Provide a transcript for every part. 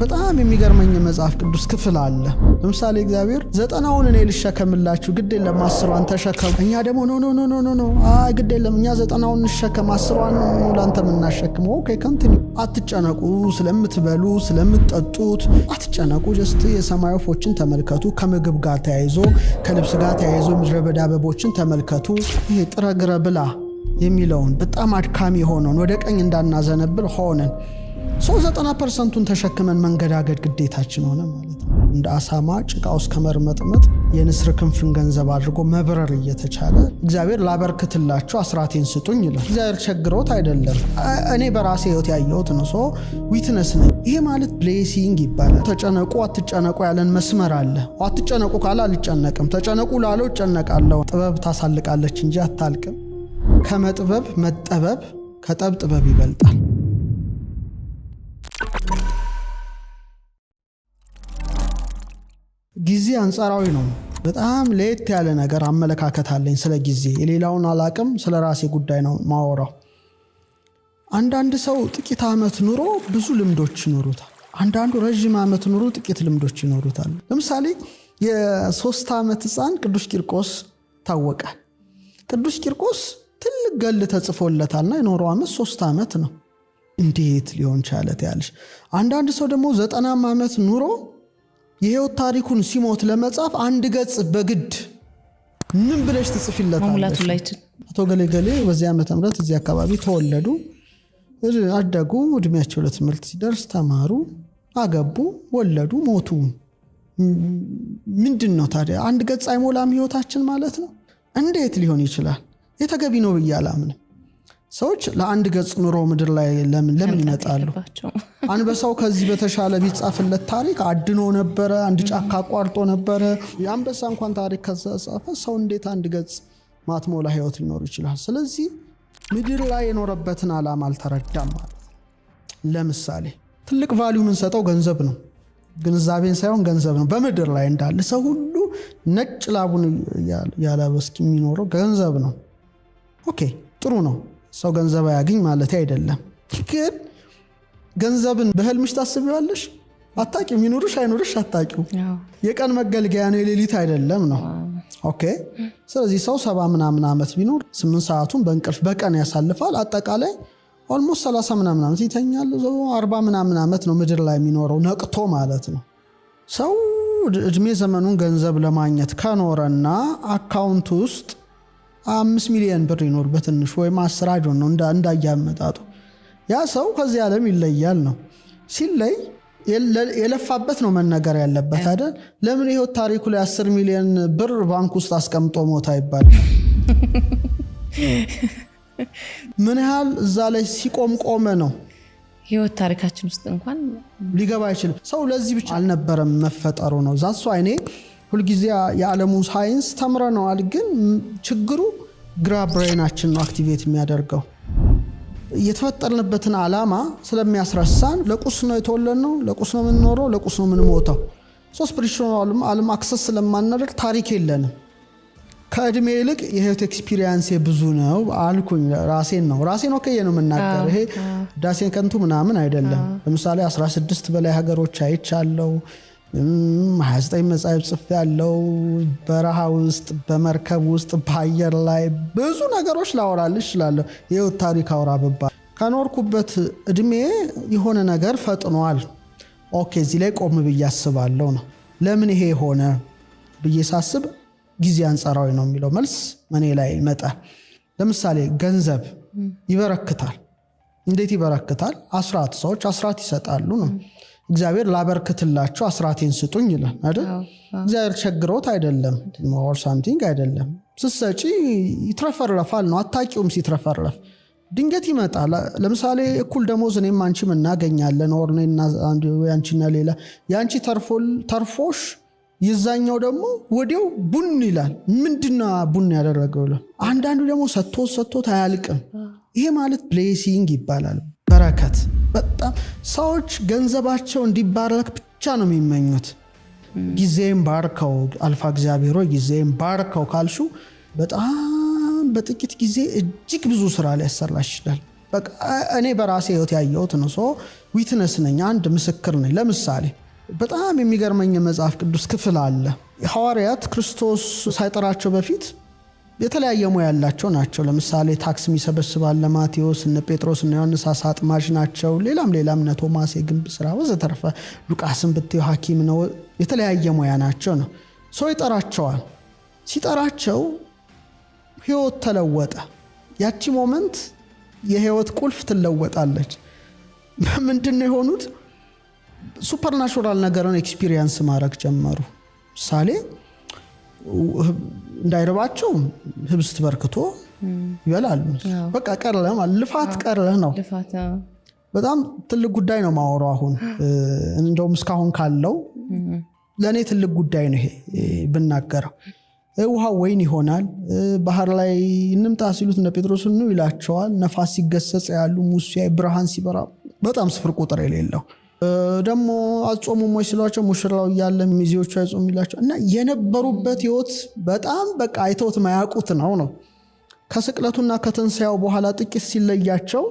በጣም የሚገርመኝ የመጽሐፍ ቅዱስ ክፍል አለ። ለምሳሌ እግዚአብሔር ዘጠናውን እኔ ልሸከምላችሁ ግድ የለም አስሯን ተሸከሙ። እኛ ደግሞ ኖ ኖ ኖ ኖ ኖ አይ ግድ የለም እኛ ዘጠናውን እንሸከም አስሯን ነው ላንተ የምናሸክመው። ኦኬ ከንቲኒ አትጨነቁ፣ ስለምትበሉ ስለምትጠጡት አትጨነቁ። ጀስት የሰማይ ወፎችን ተመልከቱ። ከምግብ ጋር ተያይዞ ከልብስ ጋር ተያይዞ ምድረ በዳ አበቦችን ተመልከቱ። ይሄ ጥረግረ ብላ የሚለውን በጣም አድካሚ ሆነውን ወደ ቀኝ እንዳናዘነብል ሆነን ሰው ፐርሰንቱን ተሸክመን መንገዳገድ ግዴታችን ሆነ ማለት ነው። እንደ አሳማ ጭቃ ውስጥ ከመርመጥመጥ የንስር ክንፍን ገንዘብ አድርጎ መብረር እየተቻለ እግዚአብሔር ላበርክትላቸው አስራቴን ስጡኝ ይላል። እግዚአብሔር ቸግሮት አይደለም፣ እኔ በራሴ ህይወት ያየሁት ንሶ ዊትነስ ነኝ። ይሄ ማለት ብሌሲንግ ይባላል። ተጨነቁ አትጨነቁ ያለን መስመር አለ። አትጨነቁ ካለ አልጨነቅም፣ ተጨነቁ ላለው እጨነቃለሁ። ጥበብ ታሳልቃለች እንጂ አታልቅም። ከመጥበብ መጠበብ ከጠብ ጥበብ ይበልጣል። ጊዜ አንጻራዊ ነው። በጣም ለየት ያለ ነገር አመለካከት አለኝ ስለ ጊዜ። የሌላውን አላቅም፣ ስለ ራሴ ጉዳይ ነው ማወራው። አንዳንድ ሰው ጥቂት ዓመት ኑሮ ብዙ ልምዶች ይኖሩታል። አንዳንዱ ረዥም ዓመት ኑሮ ጥቂት ልምዶች ይኖሩታል። ለምሳሌ የሶስት ዓመት ሕፃን ቅዱስ ቂርቆስ ታወቀ ቅዱስ ቂርቆስ ትልቅ ገል ተጽፎለታልና የኖረው ዓመት ሶስት ዓመት ነው። እንዴት ሊሆን ቻለት ያለሽ። አንዳንድ ሰው ደግሞ ዘጠናም ዓመት ኑሮ የህይወት ታሪኩን ሲሞት ለመጻፍ አንድ ገጽ በግድ ምን ብለሽ ትጽፊለታለሽ? አቶ ገሌ ገሌ በዚህ ዓመተ ምህረት እዚህ አካባቢ ተወለዱ፣ አደጉ፣ እድሜያቸው ለትምህርት ሲደርስ ተማሩ፣ አገቡ፣ ወለዱ፣ ሞቱ። ምንድን ነው ታዲያ አንድ ገጽ አይሞላም ህይወታችን ማለት ነው? እንዴት ሊሆን ይችላል? የተገቢ ነው ብዬ አላምንም። ሰዎች ለአንድ ገጽ ኑሮ ምድር ላይ ለምን ይመጣሉ? አንበሳው ከዚህ በተሻለ ቢጻፍለት ታሪክ አድኖ ነበረ፣ አንድ ጫካ አቋርጦ ነበረ። የአንበሳ እንኳን ታሪክ ከተጻፈ ሰው እንዴት አንድ ገጽ ማትሞ ለህይወት ሊኖር ይችላል? ስለዚህ ምድር ላይ የኖረበትን ዓላማ አልተረዳም ማለት። ለምሳሌ ትልቅ ቫሊዩ የምንሰጠው ገንዘብ ነው፣ ግንዛቤን ሳይሆን ገንዘብ ነው። በምድር ላይ እንዳለ ሰው ሁሉ ነጭ ላቡን ያለበስኪ የሚኖረው ገንዘብ ነው። ኦኬ ጥሩ ነው። ሰው ገንዘብ አያግኝ ማለት አይደለም። ግን ገንዘብን በህልምሽ ታስቢዋለሽ? አታቂም። ይኑርሽ አይኑርሽ አታቂው። የቀን መገልገያ ነው፣ የሌሊት አይደለም ነው። ኦኬ። ስለዚህ ሰው ሰባ ምናምን ዓመት ቢኖር ስምንት ሰዓቱን በእንቅልፍ በቀን ያሳልፋል። አጠቃላይ ኦልሞስት ሰላሳ ምናምን ዓመት ይተኛል። አርባ ምናምን ዓመት ነው ምድር ላይ የሚኖረው ነቅቶ ማለት ነው። ሰው እድሜ ዘመኑን ገንዘብ ለማግኘት ከኖረና አካውንት ውስጥ አምስት ሚሊዮን ብር ይኖር በትንሹ ወይም አስር ነው እንዳያመጣጡ። ያ ሰው ከዚህ ዓለም ይለያል ነው። ሲለይ የለፋበት ነው መነገር ያለበት አይደል? ለምን ህይወት ታሪኩ ላይ አስር ሚሊዮን ብር ባንክ ውስጥ አስቀምጦ ሞታ ይባል? ምን ያህል እዛ ላይ ሲቆም ቆመ ነው። ህይወት ታሪካችን ውስጥ እንኳን ሊገባ አይችልም። ሰው ለዚህ ብቻ አልነበረም መፈጠሩ ነው ዛሱ አይኔ ሁልጊዜ የዓለሙ ሳይንስ ተምረነዋል፣ ግን ችግሩ ግራ ብሬናችን ነው አክቲቬት የሚያደርገው የተፈጠርንበትን ዓላማ ስለሚያስረሳን። ለቁስ ነው ነው፣ ለቁስ ነው የምንኖረው፣ ለቁስ ነው የምንሞተው። ሶ ስፒሪቹዋል ዓለም አክሰስ ስለማናደርግ ታሪክ የለንም። ከእድሜ ይልቅ የህይወት ኤክስፒሪየንስ ብዙ ነው አልኩኝ። ራሴን ነው ራሴን ወከየ ነው የምናገር። ይሄ ዳሴን ከንቱ ምናምን አይደለም። ለምሳሌ 16 በላይ ሀገሮች አይቻለው። 29 መጽሐፍ ጽፍ ያለው በረሃ ውስጥ በመርከብ ውስጥ በአየር ላይ ብዙ ነገሮች ላወራልሽ እችላለሁ። ይኸው ታሪክ አውራ ብባል ከኖርኩበት እድሜ የሆነ ነገር ፈጥኗል። ኦኬ እዚህ ላይ ቆም ብዬ አስባለሁ ነው። ለምን ይሄ የሆነ ብዬ ሳስብ ጊዜ አንጸራዊ ነው የሚለው መልስ እኔ ላይ ይመጣል። ለምሳሌ ገንዘብ ይበረክታል። እንዴት ይበረክታል? አስራት ሰዎች አስራት ይሰጣሉ ነው እግዚአብሔር ላበርክትላቸው አስራቴን ስጡኝ ይላል አይደል? እግዚአብሔር ቸግሮት አይደለም፣ ር ሳምቲንግ አይደለም። ስሰጪ ይትረፈረፋል ነው፣ አታቂውም ሲትረፈረፍ። ድንገት ይመጣል። ለምሳሌ እኩል ደሞዝ እኔም አንቺም እናገኛለን፣ ኦር ሌላ የአንቺ ተርፎሽ የዛኛው ደግሞ ወዲያው ቡን ይላል። ምንድና ቡን ያደረገው? አንዳንዱ ደግሞ ሰቶት ሰቶት አያልቅም። ይሄ ማለት ብሌሲንግ ይባላል፣ በረከት በጣም ሰዎች ገንዘባቸው እንዲባረክ ብቻ ነው የሚመኙት። ጊዜም ባርከው አልፋ እግዚአብሔሮ ጊዜም ባርከው ካልሹ በጣም በጥቂት ጊዜ እጅግ ብዙ ስራ ሊያሰራ ይችላል። እኔ በራሴ ህይወት ያየሁት ነው። ዊትነስ ነኝ፣ አንድ ምስክር ነኝ። ለምሳሌ በጣም የሚገርመኝ የመጽሐፍ ቅዱስ ክፍል አለ። ሐዋርያት ክርስቶስ ሳይጠራቸው በፊት የተለያየ ሙያ ያላቸው ናቸው። ለምሳሌ ታክስ የሚሰበስባል ለማቴዎስ፣ እነ ጴጥሮስ እና ዮሐንስ አሳ አጥማጅ ናቸው። ሌላም ሌላም እነ ቶማስ የግንብ ስራ ወዘተርፈ፣ ሉቃስን ብትዩ ሐኪም ነው። የተለያየ ሙያ ናቸው ነው። ሰው ይጠራቸዋል። ሲጠራቸው ህይወት ተለወጠ። ያቺ ሞመንት የህይወት ቁልፍ ትለወጣለች። ምንድን ነው የሆኑት? ሱፐርናቹራል ነገርን ኤክስፒሪየንስ ማድረግ ጀመሩ። ምሳሌ እንዳይርባቸው ህብስት በርክቶ ይበላሉ። በቃ ቀረ ልፋት ቀረ ነው። በጣም ትልቅ ጉዳይ ነው ማወራው። አሁን እንደውም እስካሁን ካለው ለእኔ ትልቅ ጉዳይ ነው ይሄ ብናገረው። ውሃ ወይን ይሆናል። ባህር ላይ እንምጣ ሲሉት እነ ጴጥሮስ ኑ ይላቸዋል። ነፋስ ሲገሰጽ ያሉ ሙሴ ብርሃን ሲበራ በጣም ስፍር ቁጥር የሌለው ደግሞ አጾሙም ወይ ስሏቸው ሙሽራው እያለ ሚዜዎቹ አይጾም ይላቸው እና የነበሩበት ህይወት በጣም በቃ አይተውት ማያውቁት ነው ነው ከስቅለቱና ከትንሳያው በኋላ ጥቂት ሲለያቸው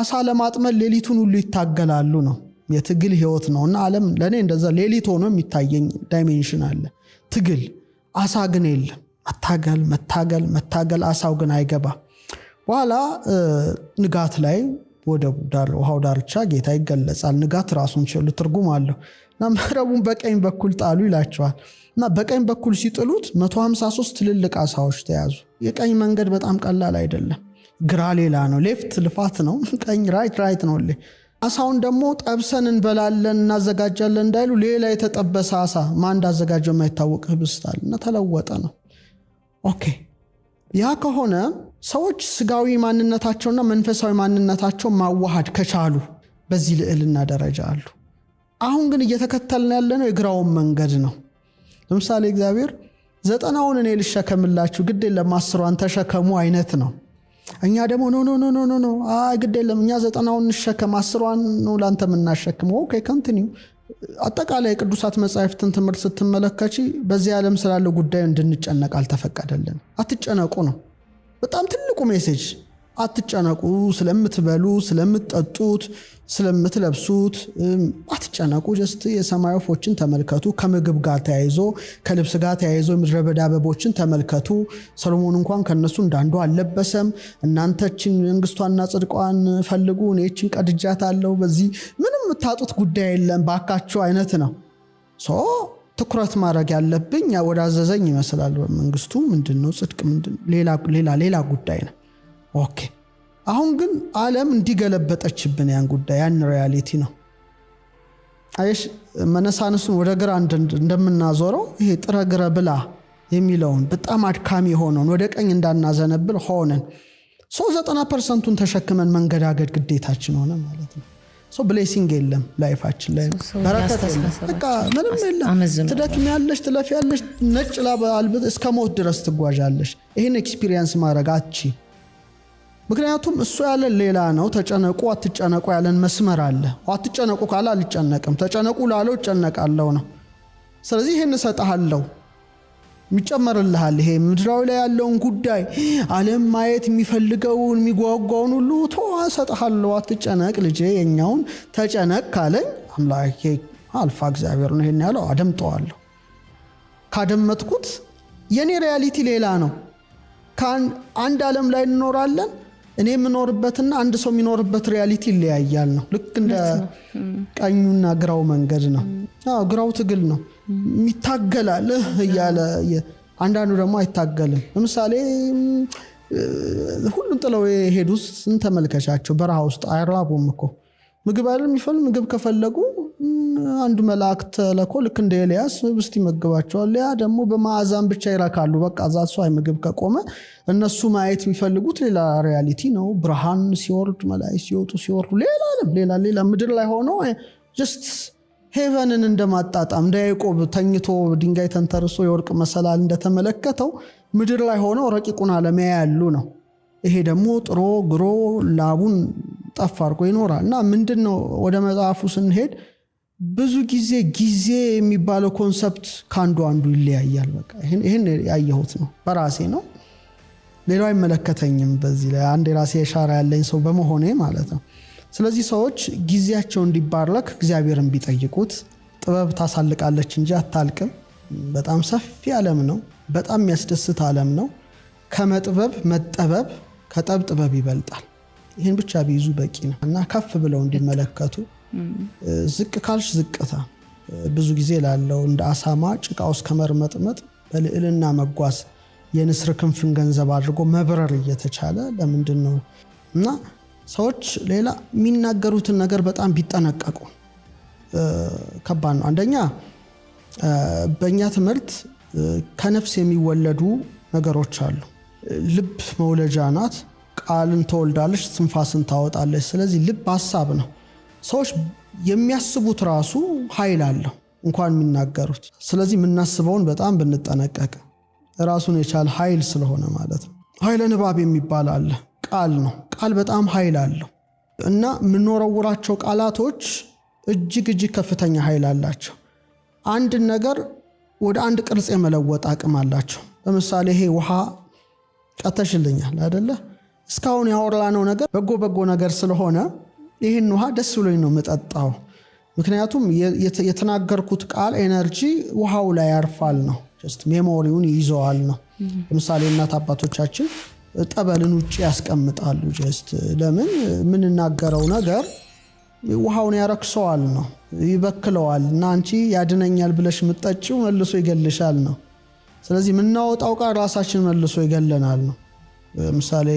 አሳ ለማጥመድ ሌሊቱን ሁሉ ይታገላሉ ነው የትግል ህይወት ነው እና አለም ለእኔ እንደዛ ሌሊት ሆኖ የሚታየኝ ዳይሜንሽን አለ ትግል አሳ ግን የለም መታገል መታገል መታገል አሳው ግን አይገባ በኋላ ንጋት ላይ ወደቡ ዳር ውሃው ዳርቻ ጌታ ይገለጻል። ንጋት ራሱን ችሉ ትርጉም አለው እና መረቡን በቀኝ በኩል ጣሉ ይላቸዋል እና በቀኝ በኩል ሲጥሉት 153 ትልልቅ አሳዎች ተያዙ። የቀኝ መንገድ በጣም ቀላል አይደለም። ግራ ሌላ ነው፣ ሌፍት ልፋት ነው፣ ቀኝ ራይት ራይት ነው። ሌ አሳውን ደግሞ ጠብሰን እንበላለን እናዘጋጃለን እንዳይሉ ሌላ የተጠበሰ አሳ ማን እንዳዘጋጀው የማይታወቅ ህብስታል እና ተለወጠ ነው። ኦኬ ያ ከሆነ ሰዎች ስጋዊ ማንነታቸውና መንፈሳዊ ማንነታቸው ማዋሃድ ከቻሉ በዚህ ልዕልና ደረጃ አሉ። አሁን ግን እየተከተልን ያለነው የግራውን መንገድ ነው። ለምሳሌ እግዚአብሔር ዘጠናውን እኔ ልሸከምላችሁ ግድ የለም አስሯን ተሸከሙ አይነት ነው። እኛ ደግሞ ኖ ኖ ኖ ኖ ኖ ግድ የለም እኛ ዘጠናውን እንሸከም አስሯን ነው ለአንተ የምናሸክመው። ኦኬ ከንትኒው አጠቃላይ የቅዱሳት መጻሕፍትን ትምህርት ስትመለከች በዚህ ዓለም ስላለው ጉዳዩ እንድንጨነቅ አልተፈቀደልን። አትጨነቁ ነው በጣም ትልቁ ሜሴጅ አትጨነቁ። ስለምትበሉ፣ ስለምትጠጡት፣ ስለምትለብሱት አትጨነቁ። ጀስት የሰማይ ወፎችን ተመልከቱ። ከምግብ ጋር ተያይዞ ከልብስ ጋር ተያይዞ የምድረ በዳ አበቦችን ተመልከቱ። ሰሎሞን እንኳን ከነሱ እንዳንዱ አልለበሰም። እናንተችን መንግስቷና ጽድቋን ፈልጉ፣ እኔችን ቀድጃት አለው። በዚህ ምንም የምታጡት ጉዳይ የለም ባካቸው አይነት ነው። ትኩረት ማድረግ ያለብኝ ወደ አዘዘኝ ይመስላል። መንግስቱ ምንድን ነው ጽድቅ ሌላ ሌላ ጉዳይ ነው። ኦኬ አሁን ግን አለም እንዲገለበጠችብን ያን ጉዳይ ያን ሪያሊቲ ነው። አየሽ መነሳንሱን ወደ ግራ እንደምናዞረው ይሄ ጥረ ግረ ብላ የሚለውን በጣም አድካሚ የሆነውን ወደ ቀኝ እንዳናዘነብል ሆነን ሰው ዘጠና ፐርሰንቱን ተሸክመን መንገዳገድ ግዴታችን ሆነ ማለት ነው። ሰው ብሌሲንግ የለም ላይፋችን ላይ በረከት በቃ ምንም የለም። ትደክም ያለሽ ትለፍ ያለሽ ነጭ ላብ አልብት እስከ ሞት ድረስ ትጓዣለሽ። ይህን ኤክስፒሪየንስ ማድረግ አቺ ምክንያቱም እሱ ያለን ሌላ ነው። ተጨነቁ አትጨነቁ ያለን መስመር አለ። አትጨነቁ ካለ አልጨነቅም፣ ተጨነቁ ላለው እጨነቃለሁ ነው። ስለዚህ ይህን እሰጥሃለሁ ይጨመርልሃል። ይሄ ምድራዊ ላይ ያለውን ጉዳይ ዓለም ማየት የሚፈልገውን የሚጓጓውን ሁሉ ተዋ፣ እሰጥሃለሁ፣ አትጨነቅ ልጄ፣ የኛውን ተጨነቅ ካለኝ አምላኬ አልፋ እግዚአብሔር ነው ይሄን ያለው አደምጠዋለሁ። ካደመጥኩት የኔ ሪያሊቲ ሌላ ነው። አንድ ዓለም ላይ እንኖራለን እኔ የምኖርበትና አንድ ሰው የሚኖርበት ሪያሊቲ ይለያያል ነው። ልክ እንደ ቀኙና ግራው መንገድ ነው። ግራው ትግል ነው፣ ይታገላል እያለ አንዳንዱ ደግሞ አይታገልም። ለምሳሌ ሁሉም ጥለው የሄዱ ስንት ተመልከቻቸው በረሃ ውስጥ አይራቡም እኮ ምግብ አይደል የሚፈል ምግብ ከፈለጉ አንድ መልአክ ተለኮ ልክ እንደ ኤልያስ ህብስት ይመግባቸዋል። ያ ደግሞ በማዕዛን ብቻ ይረካሉ። በቃ እዛ ሰው ምግብ ከቆመ እነሱ ማየት የሚፈልጉት ሌላ ሪያሊቲ ነው። ብርሃን ሲወርድ መላይ ሲወጡ ሲወርዱ፣ ሌላ ዓለም፣ ሌላ ሌላ ምድር ላይ ሆኖ ጀስት ሄቨንን እንደማጣጣም እንደ ያዕቆብ ተኝቶ ድንጋይ ተንተርሶ የወርቅ መሰላል እንደተመለከተው ምድር ላይ ሆነው ረቂቁን ዓለም ያሉ ነው። ይሄ ደግሞ ጥሮ ግሮ ላቡን ጠፍ አድርጎ ይኖራል እና ምንድን ነው ወደ መጽሐፉ ስንሄድ ብዙ ጊዜ ጊዜ የሚባለው ኮንሰፕት ከአንዱ አንዱ ይለያያል። በቃ ይህን ያየሁት ነው፣ በራሴ ነው። ሌላው አይመለከተኝም። በዚህ ላይ አንድ የራሴ የሻራ ያለኝ ሰው በመሆኔ ማለት ነው። ስለዚህ ሰዎች ጊዜያቸው እንዲባረክ እግዚአብሔርን ቢጠይቁት፣ ጥበብ ታሳልቃለች እንጂ አታልቅም። በጣም ሰፊ ዓለም ነው። በጣም የሚያስደስት ዓለም ነው። ከመጥበብ መጠበብ ከጠብ ጥበብ ይበልጣል። ይህን ብቻ ቢይዙ በቂ ነው እና ከፍ ብለው እንዲመለከቱ ዝቅ ካልሽ ዝቅታ ብዙ ጊዜ ላለው እንደ አሳማ ጭቃ ውስጥ ከመርመጥመጥ በልዕልና መጓዝ የንስር ክንፍን ገንዘብ አድርጎ መብረር እየተቻለ ለምንድን ነው እና ሰዎች ሌላ የሚናገሩትን ነገር በጣም ቢጠነቀቁ ከባድ ነው። አንደኛ በእኛ ትምህርት ከነፍስ የሚወለዱ ነገሮች አሉ። ልብ መውለጃ ናት። ቃልን ትወልዳለች፣ ትንፋስን ታወጣለች። ስለዚህ ልብ ሀሳብ ነው። ሰዎች የሚያስቡት ራሱ ኃይል አለው እንኳን የሚናገሩት። ስለዚህ የምናስበውን በጣም ብንጠነቀቅ ራሱን የቻለ ኃይል ስለሆነ ማለት ነው። ኃይለ ንባብ የሚባል አለ። ቃል ነው። ቃል በጣም ኃይል አለው እና የምንወረውራቸው ቃላቶች እጅግ እጅግ ከፍተኛ ኃይል አላቸው። አንድን ነገር ወደ አንድ ቅርጽ የመለወጥ አቅም አላቸው። ለምሳሌ ይሄ ውሃ ቀተሽልኛል አይደለ? እስካሁን ያወራነው ነገር በጎ በጎ ነገር ስለሆነ ይህን ውሃ ደስ ብሎኝ ነው የምጠጣው። ምክንያቱም የተናገርኩት ቃል ኤነርጂ ውሃው ላይ ያርፋል ነው፣ ሜሞሪውን ይዘዋል ነው። ለምሳሌ እናት አባቶቻችን ጠበልን ውጭ ያስቀምጣሉ። ጀስት ለምን የምንናገረው ነገር ውሃውን ያረክሰዋል ነው፣ ይበክለዋል እና አንቺ ያድነኛል ብለሽ የምጠጪው መልሶ ይገልሻል ነው። ስለዚህ የምናወጣው ቃል ራሳችን መልሶ ይገለናል ነው። ለምሳሌ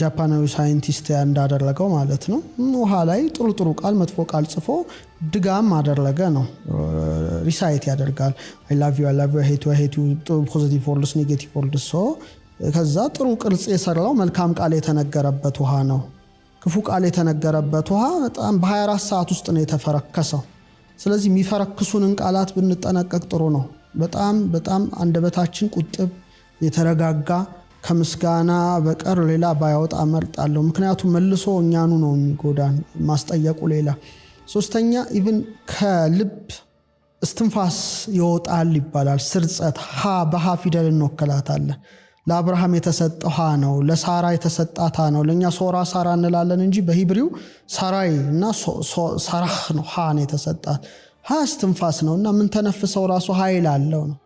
ጃፓናዊ ሳይንቲስት እንዳደረገው ማለት ነው። ውሃ ላይ ጥሩ ጥሩ ቃል፣ መጥፎ ቃል ጽፎ ድጋም አደረገ ነው። ሪሳይት ያደርጋል። አይ ላቭ ዩ አይ ላቭ ዩ ወርድስ ኔጌቲቭ ወርድስ ከዛ ጥሩ ቅርጽ የሰራው መልካም ቃል የተነገረበት ውሃ ነው። ክፉ ቃል የተነገረበት ውሃ በጣም በ24 ሰዓት ውስጥ ነው የተፈረከሰው። ስለዚህ የሚፈረክሱንን ቃላት ብንጠነቀቅ ጥሩ ነው። በጣም በጣም አንደበታችን ቁጥብ የተረጋጋ ከምስጋና በቀር ሌላ ባያወጣ መርጣለሁ። ምክንያቱም መልሶ እኛኑ ነው የሚጎዳን ማስጠየቁ ሌላ። ሶስተኛ ኢቭን ከልብ እስትንፋስ ይወጣል ይባላል። ስርጸት ሀ በሀ ፊደል እንወክላታለን ለአብርሃም የተሰጠ ሀ ነው። ለሳራ የተሰጣት ሀ ነው። ለእኛ ሶራ ሳራ እንላለን እንጂ በሂብሪው ሳራይ እና ሰራህ ነው። ሀ ነው የተሰጣት። ሀ እስትንፋስ ነው እና ምንተነፍሰው ራሱ ኃይል አለው ነው